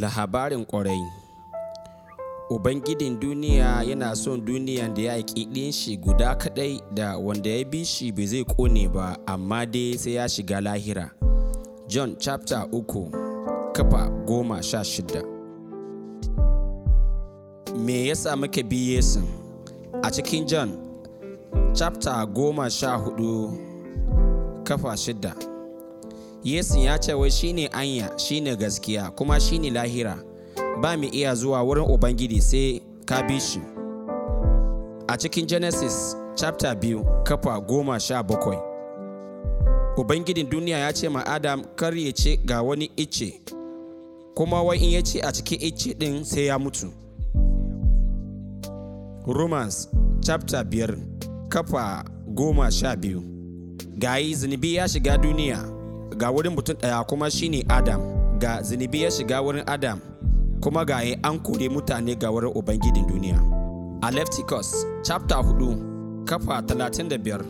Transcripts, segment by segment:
labarin ƙwarai ubangidin duniya yana son duniyan da ya ƙiɗin shi guda kaɗai da wanda ya bi shi bai zai kone ba amma dai sai ya shiga lahira john chapter 3 kafa goma sha me yasa muka bi yesu a cikin john chapter goma sha hudu kafa shida yesu ya ce wai ne anya ne gaskiya kuma shi ne lahira ba mu iya zuwa wurin ubangiji sai ka bi shi a cikin genesis chapter 2 kafa goma sha bakwai duniya ya ce ma adam kar ya ce ga wani icce kuma wai in ya ce a cikin icce din sai ya mutu romans chapter 5 kafa goma sha biyu ga yi zunubi ya shiga duniya ga wurin mutum ɗaya kuma shine adam ga zunubi ya shiga wurin adam kuma ga yi an kore mutane ga wurin ubangijin duniya a lefticus chapter 4 kafa 35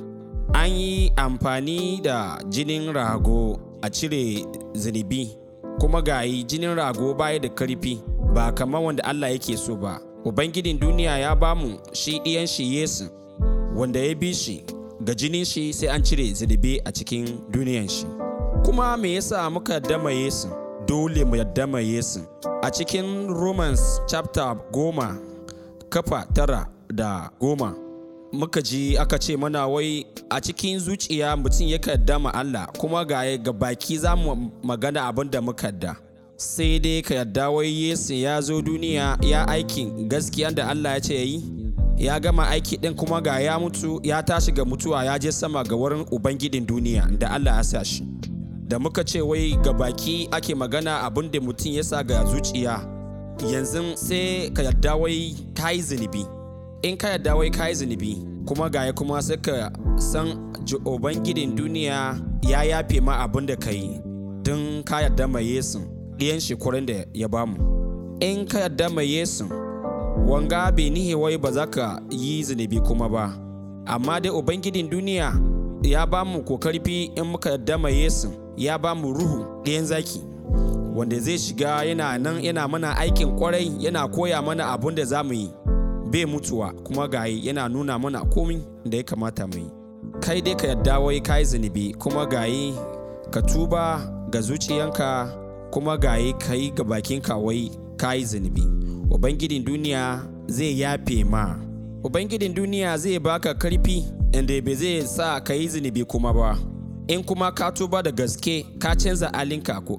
an yi amfani da jinin rago a cire zunubi kuma ga yi jinin rago baya da karfi ba kamar wanda allah yake so ba ubangijin duniya ya bamu shi ɗiyan shi yesu wanda ya bi shi ga jinin shi sai an cire zunubi a cikin duniyan shi kuma me yasa muka dama Yesu, dole mu damaye Yesu? a cikin romans chapter goma kafa tara da goma muka ji aka ce mana wai a cikin zuciya mutum ya dama Allah kuma ga ga baki za mu magana abin da muka da sai dai ka yarda wai Yesu ya zo duniya ya aikin gaskiya da Allah ya ce yi ya gama aiki din kuma ga ya mutu ya tashi ga mutuwa ya je sama ga wurin ubangidin duniya da Allah ya sa shi da muka ce wai ga baki ake magana abin da mutum ya sa ga zuciya yanzu sai ka yadda wai ka yi zunubi in ka yadda wai ka yi zunubi kuma gaya kuma sai ka san gidin duniya ya yafe ma abin da ka yi don ka yadda mai yesu ɗiyan shekurun da ya bamu in ka yadda mai yesu wanga bai nihe wai ba za ka yi zunubi kuma ba amma dai ubangidin duniya ya ba mu ko in muka dama yesu ya ba mu ruhu ɗayan zaki wanda zai shiga yana nan yana mana aikin kwarai yana koya mana abun da za mu yi bai mutuwa kuma gayi yana nuna mana komi da ya kamata mu yi kai dai ka yadda wai ka yi zunubi kuma gayi ka tuba ga zuciyanka kuma gayi ka yi ga bakinka wai ka yi zunubi ubangidin duniya zai yafe ma ubangijin duniya zai baka karfi inda bai zai sa ka yi zunubi kuma ba in kuma ka tuba da gaske ka canza alinka ko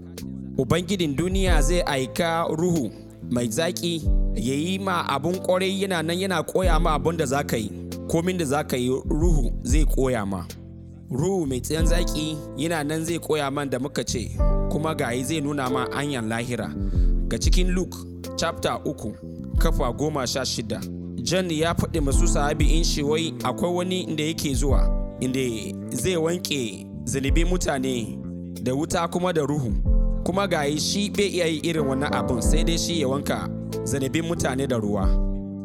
ubangidin duniya zai aika ruhu mai zaki ya yi ma abun kwarai yana nan yana koya ma abun da za ka yi komin da za ka yi ruhu zai koya ma ruhu mai tsayan zaki yana nan zai koya man da muka ce kuma gayi zai nuna ma anyan lahira ga cikin luke chapter uku kafa goma sha shida John ya faɗi masu sahabi in shi wai akwai wani inda yake zuwa inda zai wanke zunubi mutane da wuta kuma da ruhu kuma gayi shi bai iya yi irin wannan abin sai dai shi ya wanka zunubin mutane da ruwa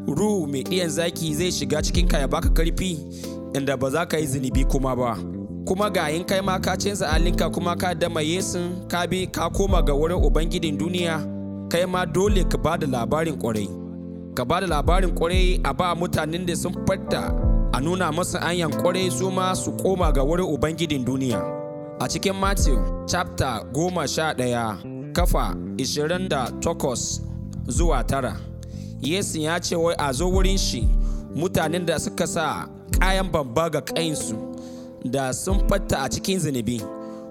ruhu mai ɗiyan zaki zai shiga cikin ka ya baka karfi inda ba za ka yi zunubi kuma ba kuma ga yin kai ma ka canza halinka kuma ka dama yesu ka bi ka koma ga wurin ubangijin duniya kai ma dole ka ba da labarin kwarai ka ba da labarin kwarai a ba mutanen da sun fata a nuna masa anyan kwarai su ma su koma ga wurin ubangijin duniya a cikin matthew chapter goma sha ɗaya kafa 28 zuwa tara yesu ya ce wai a zo wurin shi mutanen da suka sa kayan babba ga kayinsu da sun fatta a cikin zunubi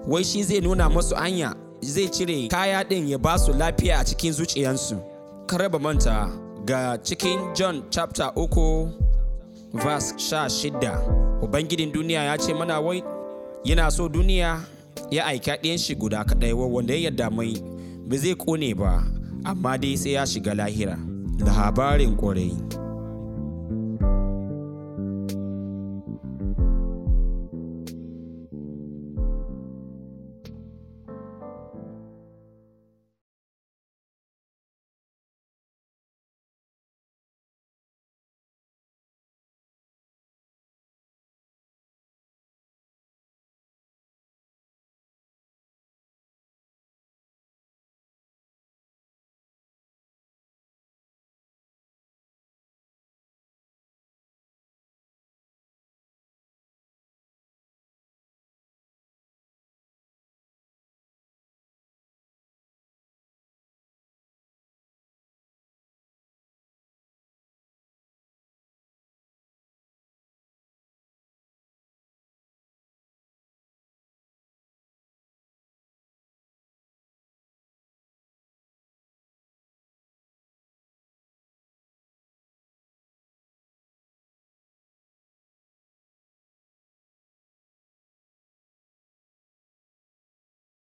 wai shi zai nuna masu anya zai cire kaya ɗin ya ba su lafiya a cikin zuciyansu. ka raba manta ga cikin John chapter uku verse sha shida Ubangijin duniya ya ce mana wai yana so duniya ya aika ɗayan shi guda kaɗai wanda ya yarda mai ba zai kone ba amma dai sai ya shiga lahira labarin ƙwarai